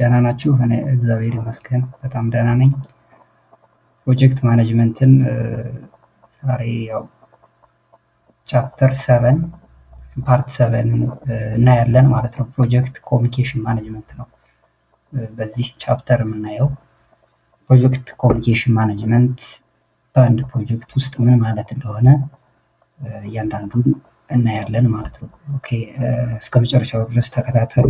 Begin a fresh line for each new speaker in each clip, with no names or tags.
ደህና ናችሁ? እኔ እግዚአብሔር ይመስገን በጣም ደህና ነኝ። ፕሮጀክት ማኔጅመንትን ዛሬ ያው ቻፕተር ሰቨን ፓርት ሰቨንን እናያለን ማለት ነው። ፕሮጀክት ኮሚኒኬሽን ማኔጅመንት ነው በዚህ ቻፕተር የምናየው። ፕሮጀክት ኮሚኒኬሽን ማኔጅመንት በአንድ ፕሮጀክት ውስጥ ምን ማለት እንደሆነ እያንዳንዱን እናያለን ማለት ነው። ኦኬ እስከ መጨረሻው ድረስ ተከታተሉ።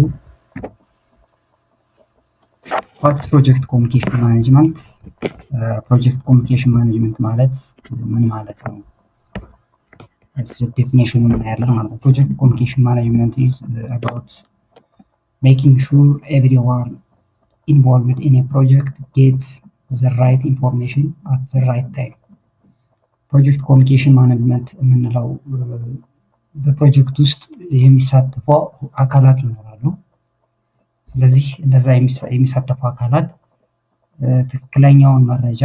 ፋስት ፕሮጀክት ኮሚኒኬሽን ማኔጅመንት ፕሮጀክት ኮሚኒኬሽን ማኔጅመንት ማለት ምን ማለት ነው? ዴፊኔሽኑ እናያለን ማለት ነው። ፕሮጀክት ኮሚኒኬሽን ማኔጅመንት ኢዝ አባውት ሜኪንግ ሹር ኤቭሪዋን ኢንቮልቭድ ኢን ኤ ፕሮጀክት ጌት ዘ ራይት ኢንፎርሜሽን አት ዘ ራይት ታይም። ፕሮጀክት ኮሚኒኬሽን ማኔጅመንት የምንለው በፕሮጀክት ውስጥ የሚሳተፈው አካላት ይኖራል። ስለዚህ እንደዛ የሚሳተፉ አካላት ትክክለኛውን መረጃ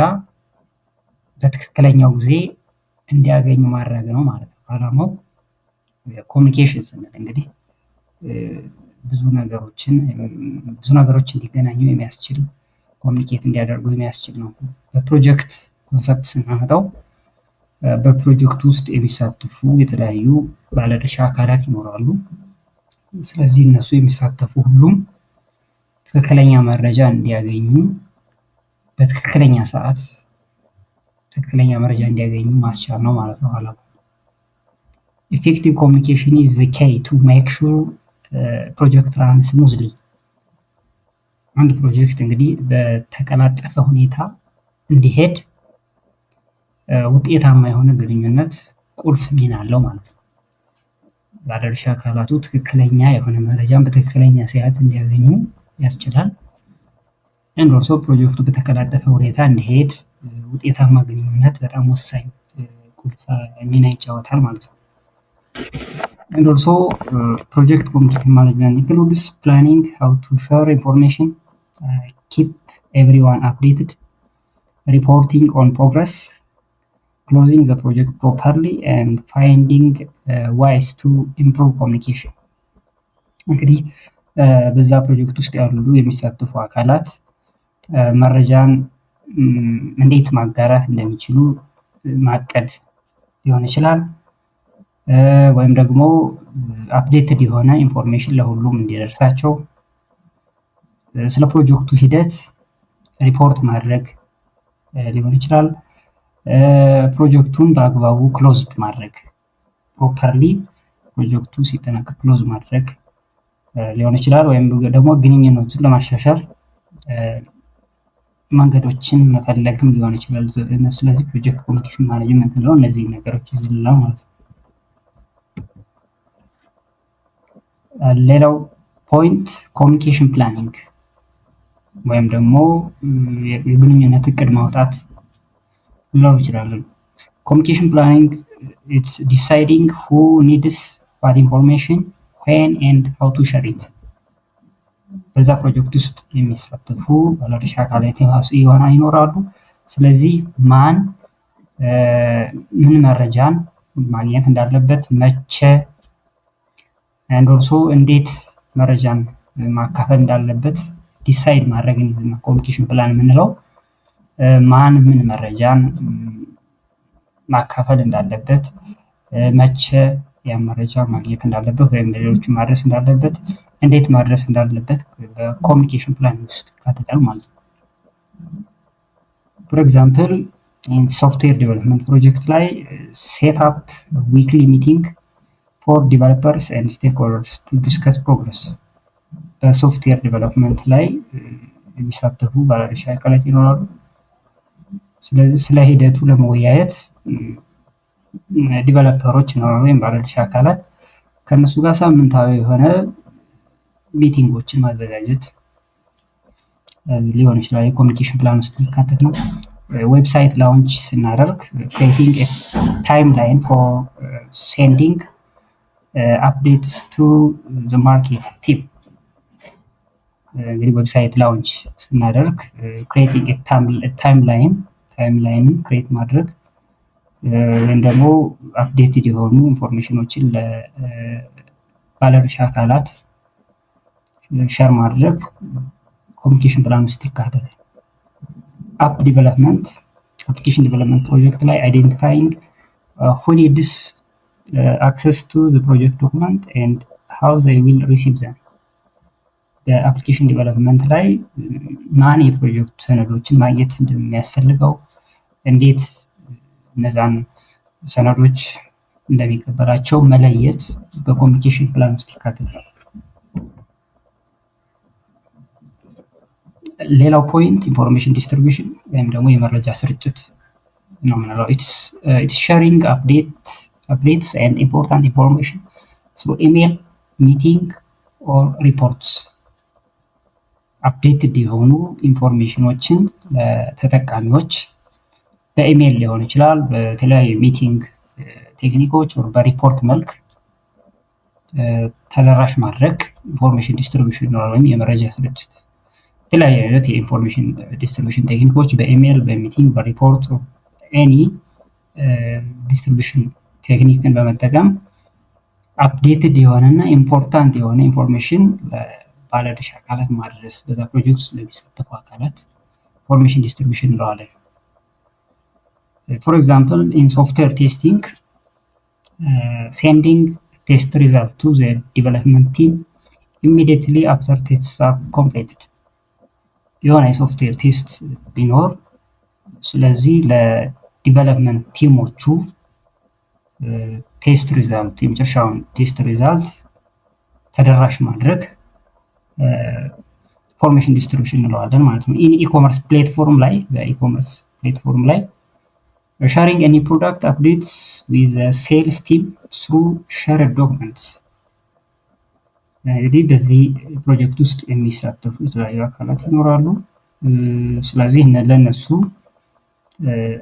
በትክክለኛው ጊዜ እንዲያገኙ ማድረግ ነው ማለት ነው አላማው። ኮሚኒኬሽን ስንል እንግዲህ ብዙ ነገሮችን ብዙ ነገሮች እንዲገናኙ የሚያስችል ኮሚኒኬት እንዲያደርጉ የሚያስችል ነው። በፕሮጀክት ኮንሰፕት ስናመጣው በፕሮጀክት ውስጥ የሚሳተፉ የተለያዩ ባለድርሻ አካላት ይኖራሉ። ስለዚህ እነሱ የሚሳተፉ ሁሉም ትክክለኛ መረጃ እንዲያገኙ በትክክለኛ ሰዓት ትክክለኛ መረጃ እንዲያገኙ ማስቻል ነው ማለት ነው ኋላ ኢፌክቲቭ ኮሚኒኬሽን ኢዝ ዘ ኬይ ቱ ሜክ ሹር ፕሮጀክት ራን ስሙዝሊ። አንድ ፕሮጀክት እንግዲህ በተቀላጠፈ ሁኔታ እንዲሄድ uh, ውጤታማ የሆነ ግንኙነት ቁልፍ ሚና አለው ማለት ነው። ባለድርሻ አካላቱ ትክክለኛ የሆነ መረጃን በትክክለኛ ሰዓት እንዲያገኙ ያስችላል። አንድ ሰው ፕሮጀክቱ በተቀላጠፈ ሁኔታ እንዲሄድ ውጤታማ ግንኙነት በጣም ወሳኝ ቁልፍ ሚና ይጫወታል ማለት ነው። አንድ ኦልሶ ፕሮጀክት ኮሚኒኬሽን ማኔጅመንት ኢንክሉድስ ፕላኒንግ ሃው ቱ ሼር ኢንፎርሜሽን ኪፕ ኤቭሪዋን አፕዴትድ ሪፖርቲንግ ኦን ፕሮግረስ ክሎዚንግ ዘ ፕሮጀክት ፕሮፐርሊ ኤንድ ፋይንዲንግ ዋይስ ቱ ኢምፕሩቭ ኮሚኒኬሽን እንግዲህ በዛ ፕሮጀክት ውስጥ ያሉ የሚሳተፉ አካላት መረጃን እንዴት ማጋራት እንደሚችሉ ማቀድ ሊሆን ይችላል። ወይም ደግሞ አፕዴትድ የሆነ ኢንፎርሜሽን ለሁሉም እንዲደርሳቸው ስለ ፕሮጀክቱ ሂደት ሪፖርት ማድረግ ሊሆን ይችላል። ፕሮጀክቱን በአግባቡ ክሎዝድ ማድረግ ፕሮፐርሊ ፕሮጀክቱ ሲጠናቀቅ ክሎዝ ማድረግ ሊሆን ይችላል። ወይም ደግሞ ግንኙነቱን ለማሻሻል መንገዶችን መፈለግም ሊሆን ይችላል። ስለዚህ ፕሮጀክት ኮሚኒኬሽን ማኔጅመንት ነው እነዚህ ነገሮች ይዝልላል ማለት ነው። ሌላው ፖይንት ኮሚኒኬሽን ፕላኒንግ ወይም ደግሞ የግንኙነት እቅድ ማውጣት ሊሆን ይችላል። ኮሚኒኬሽን ፕላኒንግ ኢትስ ዲሳይዲንግ ሁ ኒድስ ኢንፎርሜሽን ዌን ኤንድ ሃው ቱ ሼር በዛ ፕሮጀክት ውስጥ የሚሳተፉ ባለድርሻ አካላት የሆና ይኖራሉ። ስለዚህ ማን ምን መረጃን ማግኘት እንዳለበት መቼ፣ እንደርሶ እንዴት መረጃን ማካፈል እንዳለበት ዲሳይድ ማድረግ ኮሚኒኬሽን ፕላን የምንለው ማን ምን መረጃን ማካፈል እንዳለበት መቼ መረጃ ማግኘት እንዳለበት ወይም ሌሎች ማድረስ እንዳለበት እንዴት ማድረስ እንዳለበት በኮሚኒኬሽን ፕላን ውስጥ ይካተታል ማለት ነው። ፎር ኤግዛምፕል ሶፍትዌር ዲቨሎፕመንት ፕሮጀክት ላይ ሴት አፕ ዊክሊ ሚቲንግ ፎር ዲቨሎፐርስ ኤንድ ስቴክሆልደርስ ቱ ዲስከስ ፕሮግረስ። በሶፍትዌር ዲቨሎፕመንት ላይ የሚሳተፉ ባለድርሻ አካላት ይኖራሉ። ስለዚህ ስለ ሂደቱ ለመወያየት ዲቨሎፐሮች ነው ወይም ባለድርሻ አካላት ከእነሱ ጋር ሳምንታዊ የሆነ ሚቲንጎችን ማዘጋጀት ሊሆን ይችላል። የኮሚኒኬሽን ፕላን ውስጥ የሚካተት ነው። ዌብሳይት ላውንች ስናደርግ ክሬቲንግ ታይም ላይን ፎር ሴንዲንግ አፕዴትስ ቱ ማርኬት ቲም እንግዲህ ዌብሳይት ላውንች ስናደርግ ክሬቲንግ ታይም ላይን ታይም ክሬት ማድረግ ወይም ደግሞ አፕዴትድ የሆኑ ኢንፎርሜሽኖችን ለባለድርሻ አካላት ሸር ማድረግ ኮሚኒኬሽን ፕላን ውስጥ ይካተታል። አፕ ዲቨሎፕመንት አፕሊኬሽን ዲቨሎፕመንት ፕሮጀክት ላይ አይደንቲፋይንግ ሁኔድስ አክሰስ ቱ ፕሮጀክት ዶክመንት ኤንድ ሃው ዘይ ዊል ሪሲቭ ዘም በአፕሊኬሽን ዲቨሎፕመንት ላይ ማን የፕሮጀክቱ ሰነዶችን ማግኘት እንደሚያስፈልገው እንዴት እነዛን ሰነዶች እንደሚቀበላቸው መለየት በኮሚኒኬሽን ፕላን ውስጥ ይካተታል። ሌላው ፖይንት ኢንፎርሜሽን ዲስትሪቢሽን ወይም ደግሞ የመረጃ ስርጭት ነው የምንለው። ኢትስ ሼሪንግ አፕዴትስ ኤንድ ኢምፖርታንት ኢንፎርሜሽን ስሩ ሚቲንግ ኦር ሪፖርትስ አፕዴትድ የሆኑ ኢንፎርሜሽኖችን ለተጠቃሚዎች በኢሜይል ሊሆን ይችላል። በተለያዩ ሚቲንግ ቴክኒኮች በሪፖርት መልክ ተደራሽ ማድረግ ኢንፎርሜሽን ዲስትሪቢሽን ይኖራል። ወይም የመረጃ ስርጭት የተለያዩ አይነት የኢንፎርሜሽን ዲስትሪቢሽን ቴክኒኮች በኢሜይል፣ በሚቲንግ፣ በሪፖርት ኤኒ ዲስትሪቢሽን ቴክኒክን በመጠቀም አፕዴትድ የሆነና ኢምፖርታንት የሆነ ኢንፎርሜሽን ባለድርሻ አካላት ማድረስ በዛ ፕሮጀክት ውስጥ ለሚሳተፉ አካላት ኢንፎርሜሽን ዲስትሪቢሽን እንለዋለን። Uh, for example, in software testing, uh, sending test result to the development team immediately after tests are completed የሆነ የሶፍትዌር ቴስት ቢኖር ስለዚህ ለዲቨሎፕመንት ቲሞቹ ቴስት ሪዛልት የመጨረሻውን ቴስት ሪዛልት ተደራሽ ማድረግ ኢንፎርሜሽን uh, ዲስትሪቢሽን እንለዋለን ማለት ነው። ኢኮመርስ ፕሌትፎርም ላይ በኢኮመርስ ፕሌትፎርም ላይ sharing any product updates with the sales team through shared documents uh, እንግዲህ በዚህ ፕሮጀክት ውስጥ የሚሳተፉ የተለያዩ አካላት ይኖራሉ። ስለዚህ ለእነሱ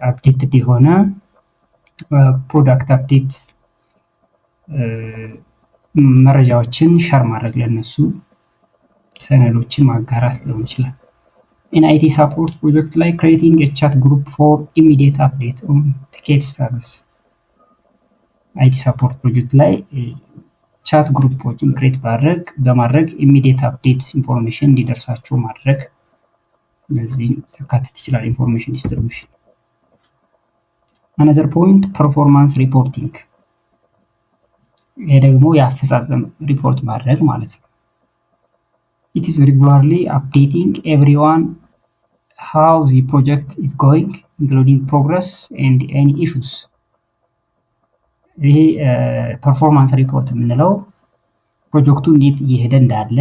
አፕዴትድ የሆነ ፕሮዳክት አፕዴት መረጃዎችን ሸር ማድረግ ለእነሱ ሰነዶችን ማጋራት ሊሆን ይችላል። ኢን አይቲ ሳፖርት ፕሮጀክት ላይ ክሬቲንግ የቻት ግሩፕ ፎር ኢሚዲየት አፕዴት ኦን ቲኬት ስታተስ አይቲ ሳፖርት ፕሮጀክት ላይ ቻት ግሩፖችን ክሬት ባድረግ በማድረግ ኢሚዲየት አፕዴት ኢንፎርሜሽን እንዲደርሳቸው ማድረግ እነዚህ ያካትት ይችላል። ኢንፎርሜሽን ዲስትሪቢሽን አነዘር ፖይንት ፐርፎርማንስ ሪፖርቲንግ፣ ይሄ ደግሞ የአፈጻጸም ሪፖርት ማድረግ ማለት ነው። ኢትስ ሪጉላርሊ አፕዴቲንግ ኤቭሪዋን how the project is going, including progress and any issues። ይሄ ፐርፎርማንስ ሪፖርት የምንለው ፕሮጀክቱ እንዴት እየሄደ እንዳለ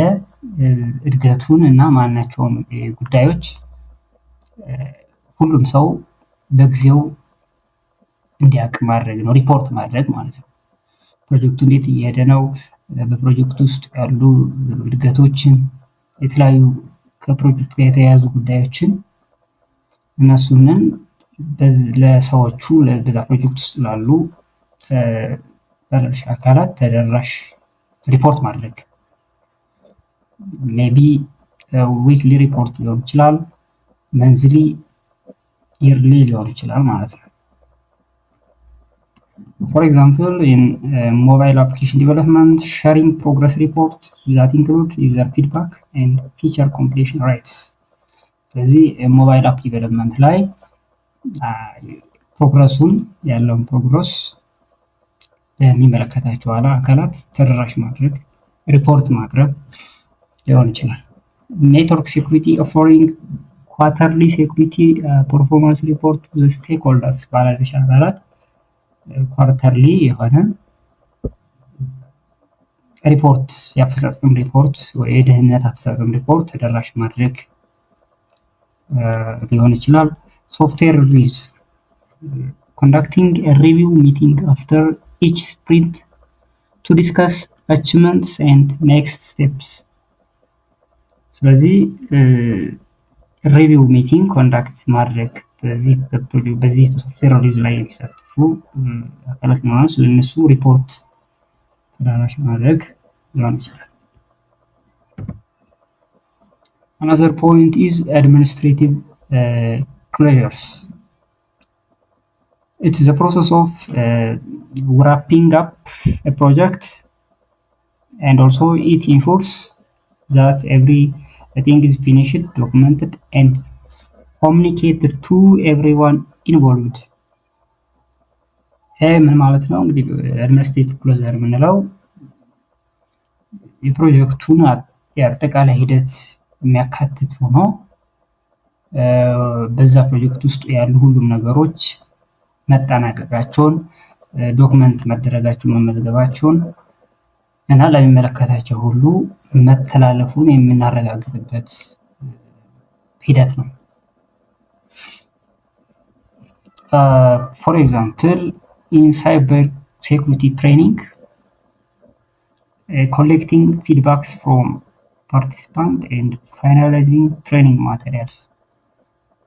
እድገቱን እና ማናቸውም ጉዳዮች ሁሉም ሰው በጊዜው እንዲያውቅ ማድረግ ነው፣ ሪፖርት ማድረግ ማለት ነው። ፕሮጀክቱ እንዴት እየሄደ ነው፣ በፕሮጀክቱ ውስጥ ያሉ እድገቶችን፣ የተለያዩ ከፕሮጀክቱ ጋር የተያያዙ ጉዳዮችን እነሱንን ለሰዎቹ በዛ ፕሮጀክት ውስጥ ላሉ ባለድርሻ አካላት ተደራሽ ሪፖርት ማድረግ ሜቢ ዊክሊ ሪፖርት ሊሆን ይችላል፣ መንዝሊ ይርሊ ሊሆን ይችላል ማለት ነው። ፎር ኤግዛምፕል ሞባይል አፕሊኬሽን ዲቨሎፕመንት ሪንግ ፕሮግረስ ሪፖርት ዛት ኢንክሉድ ዩዘር ፊድባክ ኤንድ ፊቸር ኮምፕሊሽን ራይትስ ስለዚህ ሞባይል አፕ ዲቨሎፕመንት ላይ ፕሮግረሱን ያለውን ፕሮግረስ የሚመለከታቸው አካላት ተደራሽ ማድረግ፣ ሪፖርት ማቅረብ ሊሆን ይችላል። ኔትወርክ ሴኩሪቲ ኦፈሪንግ ኳተርሊ ሴኩሪቲ ፐርፎርማንስ ሪፖርት ስቴክ ሆልደርስ ባለድርሻ አካላት ኳርተርሊ የሆነ ሪፖርት የአፈጻጸም ሪፖርት ወይ የደህንነት አፈጻጸም ሪፖርት ተደራሽ ማድረግ ሊሆን ይችላል። ሶፍትዌር ሪቪውስ ኮንዳክቲንግ ሪቪው ሚቲንግ አፍተር ኢች ስፕሪንት ቱ ዲስካስ አችመንትስ ኤንድ ኔክስት ስቴፕስ። ስለዚህ ሪቪው ሚቲንግ ኮንዳክት ማድረግ በዚህ በሶፍትዌር ሪቪው ላይ የሚሳተፉ አካላት ማለት ስለነሱ ሪፖርት ተደራሽ ማድረግ ሊሆን ይችላል። Another point is administrative clearance. Uh, it's the process of uh, wrapping up a project and also it ensures that every uh, thing is finished, documented, and ኮሚኒኬትድ ቱ ኤቭሪዋን ኢንቮልቭድ ይሄ administrative closure. ነው? እንግዲህ አድሚኒስትሬቲቭ ክሎዘር የምንለው የፕሮጀክቱን አጠቃላይ ሂደት የሚያካትት ሆኖ በዛ ፕሮጀክት ውስጥ ያሉ ሁሉም ነገሮች መጠናቀቃቸውን፣ ዶክመንት መደረጋቸውን፣ መመዝገባቸውን እና ለሚመለከታቸው ሁሉ መተላለፉን የምናረጋግጥበት ሂደት ነው። ፎር ኤግዛምፕል ኢን ሳይበር ሴኩሪቲ ትሬኒንግ ኮሌክቲንግ ፊድባክስ ፍሮም ፓርቲሲፓንት and finalizing training materials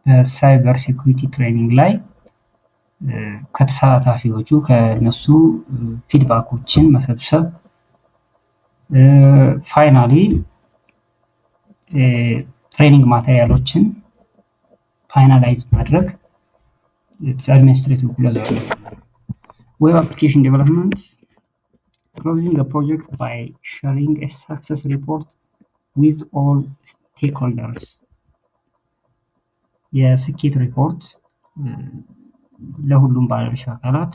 በሳይበር ሴኩሪቲ ትሬኒንግ ላይ uh, ከተሳታፊዎቹ ከነሱ ፊድባኮችን uh, መሰብሰብ ፋይናሊ ትሬኒንግ ማቴሪያሎችን ፋይናላይዝ ማድረግ አድሚኒስትሬቲቭ ክሎዝ ዌብ አፕሊኬሽን ዴቨሎፕመንት ክሎዚንግ ፕሮጀክት ባይ ሼሪንግ ሰክሰስ ሪፖርት ዊዝ ኦል ስቴክሆልደርስ የስኬት ሪፖርት ለሁሉም ባለድርሻ አካላት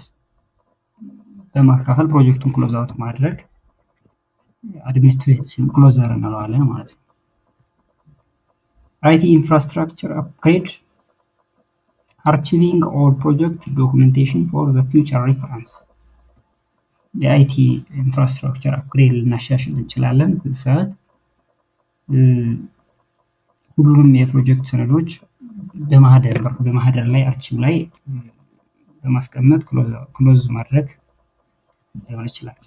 በማካፈል ፕሮጀክቱን ክሎዝ አውት ማድረግ አድሚኒስትሬሽን ክሎዘር እንለዋለን ማለት ነው። አይቲ ኢንፍራስትራክቸር አፕግሬድ አርቺቪንግ ኦል ፕሮጀክት ዶኩሜንቴሽን ፎር ዘ ፊውቸር ሪፈረንስ የአይቲ ኢንፍራስትራክቸር አፕግሬድ ልናሻሽል እንችላለን ሰዓት ሁሉንም የፕሮጀክት ሰነዶች በማህደር በማህደር ላይ አርቺቭ ላይ በማስቀመጥ ክሎዝ ማድረግ ሊሆን ይችላል።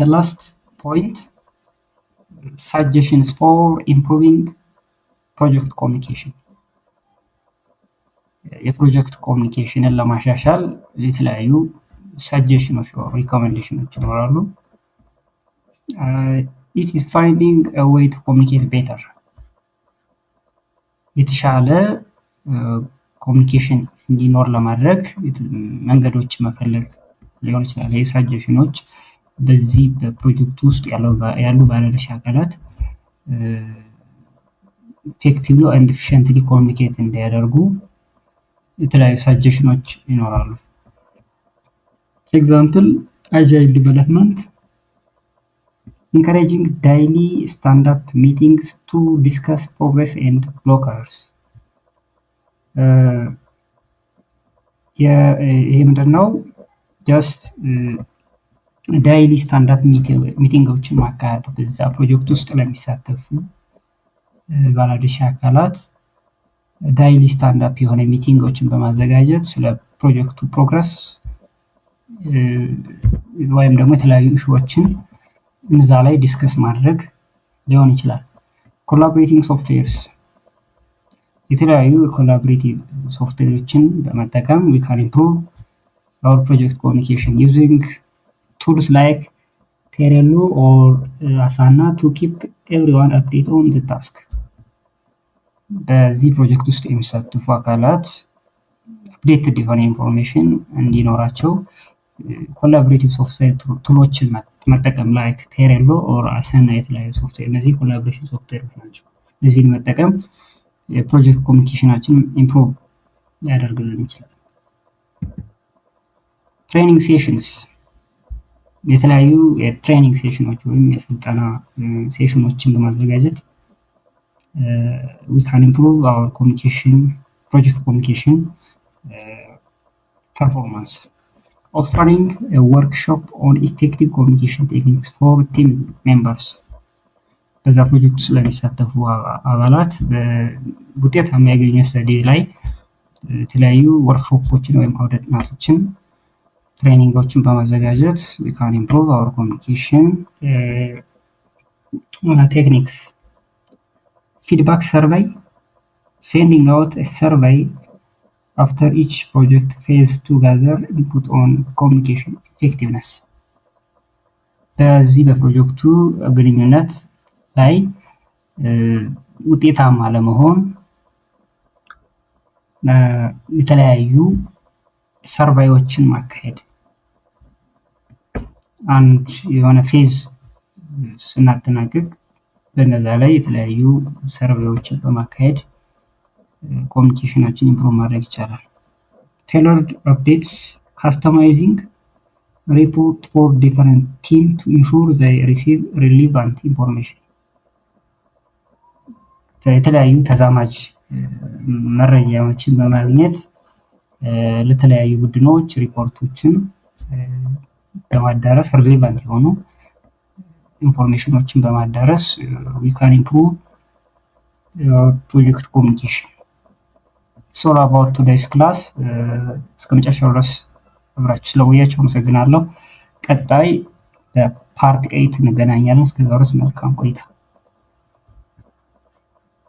The last point suggestions for improving project communication የፕሮጀክት ኮሚኒኬሽንን ለማሻሻል የተለያዩ ሰጀሽኖች ሪኮሜንዴሽኖች ይኖራሉ። ኢት ኢዝ ፋይንዲንግ ዌይ ቱ ኮሚኒኬት ቤተር የተሻለ ኮሚኒኬሽን uh, እንዲኖር ለማድረግ መንገዶች መፈለግ ሊሆን ይችላል። ይህ ሳጀሽኖች በዚህ በፕሮጀክቱ ውስጥ ያሉ ባለድርሻ አካላት ኢፌክቲቭሊ ኤንድ ኤፊሽንትሊ ኮሚኒኬት እንዲያደርጉ የተለያዩ ሳጀሽኖች ይኖራሉ። Example, አጃይል development, encouraging ዳይሊ stand-up meetings to discuss progress and blockers ይህ ምንድን ነው? ጀስት ዳይሊ ስታንዳፕ ሚቲንጎችን ማካሄድ በዛ ፕሮጀክት ውስጥ ለሚሳተፉ eh, ባለድርሻ አካላት ዳይሊ ስታንዳፕ የሆነ ሚቲንጎችን በማዘጋጀት ስለ ፕሮጀክቱ ፕሮግረስ ወይም ደግሞ የተለያዩ እሾዎችን እነዛ ላይ ዲስከስ ማድረግ ሊሆን ይችላል። ኮላቦሬቲንግ ሶፍትዌርስ የተለያዩ ኮላቦሬቲቭ ሶፍትዌሮችን በመጠቀም ዊ ካን ኢምፕሩቭ አወር ፕሮጀክት ኮሚኒኬሽን ዩዚንግ ቱልስ ላይክ ቴሬሎ ኦር አሳና ቱ ኪፕ ኤቭሪዋን አፕዴት ኦን ዘ ታስክ። በዚህ ፕሮጀክት ውስጥ የሚሳተፉ አካላት አፕዴትድ የሆነ ኢንፎርሜሽን እንዲኖራቸው ኮላቦሬቲቭ ሶፍትዌር ቱሎችን መጠቀም ላይክ ቴሬሎ ኦር አሰና የተለያዩ ሶፍትዌር እነዚህ ኮላቦሬሽን ሶፍትዌሮች ናቸው። እነዚህን መጠቀም የፕሮጀክት ኮሚኒኬሽናችን ኢምፕሮቭ ሊያደርግልን ይችላል። ትሬኒንግ ሴሽንስ የተለያዩ የትሬኒንግ ሴሽኖች ወይም የስልጠና ሴሽኖችን በማዘጋጀት ዊካን ኢምፕሩቭ አወር ኮሚኒኬሽን ፕሮጀክት ኮሚኒኬሽን ፐርፎርማንስ offering a workshop on effective communication techniques for team members በዛ ፕሮጀክት ውስጥ ለሚሳተፉ አባላት ውጤት የሚያገኙ ስታዲ ላይ የተለያዩ ወርክሾፖችን ወይም አውደ ጥናቶችን ትሬኒንጎችን በማዘጋጀት ካን ኢምፕሮቭ አወር ኮሚኒኬሽን ቴክኒክስ ፊድባክ ሰርቬይ ሴንዲንግ አውት ሰርቬይ After each project fails to gather input on communication effectiveness በዚህ በፕሮጀክቱ ግንኙነት ላይ ውጤታማ ለመሆን የተለያዩ ሰርቫዮችን ማካሄድ አንድ የሆነ ፌዝ ስናጠናቅቅ በነዛ ላይ የተለያዩ ሰርቬዎችን በማካሄድ ኮሚኒኬሽናችን ኢምፕሮቭ ማድረግ ይቻላል። ቴለርድ አፕዴትስ ካስተማይዚንግ ሪፖርት ፎር ዲፈረንት ቲም ቱ ኢንሹር ዘይ ሪሲቭ ሪሊቫንት ኢንፎርሜሽን የተለያዩ ተዛማጅ መረጃዎችን በማግኘት ለተለያዩ ቡድኖች ሪፖርቶችን በማዳረስ ሪሌቫንት የሆኑ ኢንፎርሜሽኖችን በማዳረስ ዊ ካን ኢምፕሩቭ ፕሮጀክት ኮሚኒኬሽን ኢትስ ኦል አባውት ቱዴይስ ክላስ። እስከ መጨረሻው ድረስ አብራችሁ ስለቆያችሁ አመሰግናለሁ። ቀጣይ በፓርት ኤይት እንገናኛለን። እስከዚያው ድረስ መልካም ቆይታ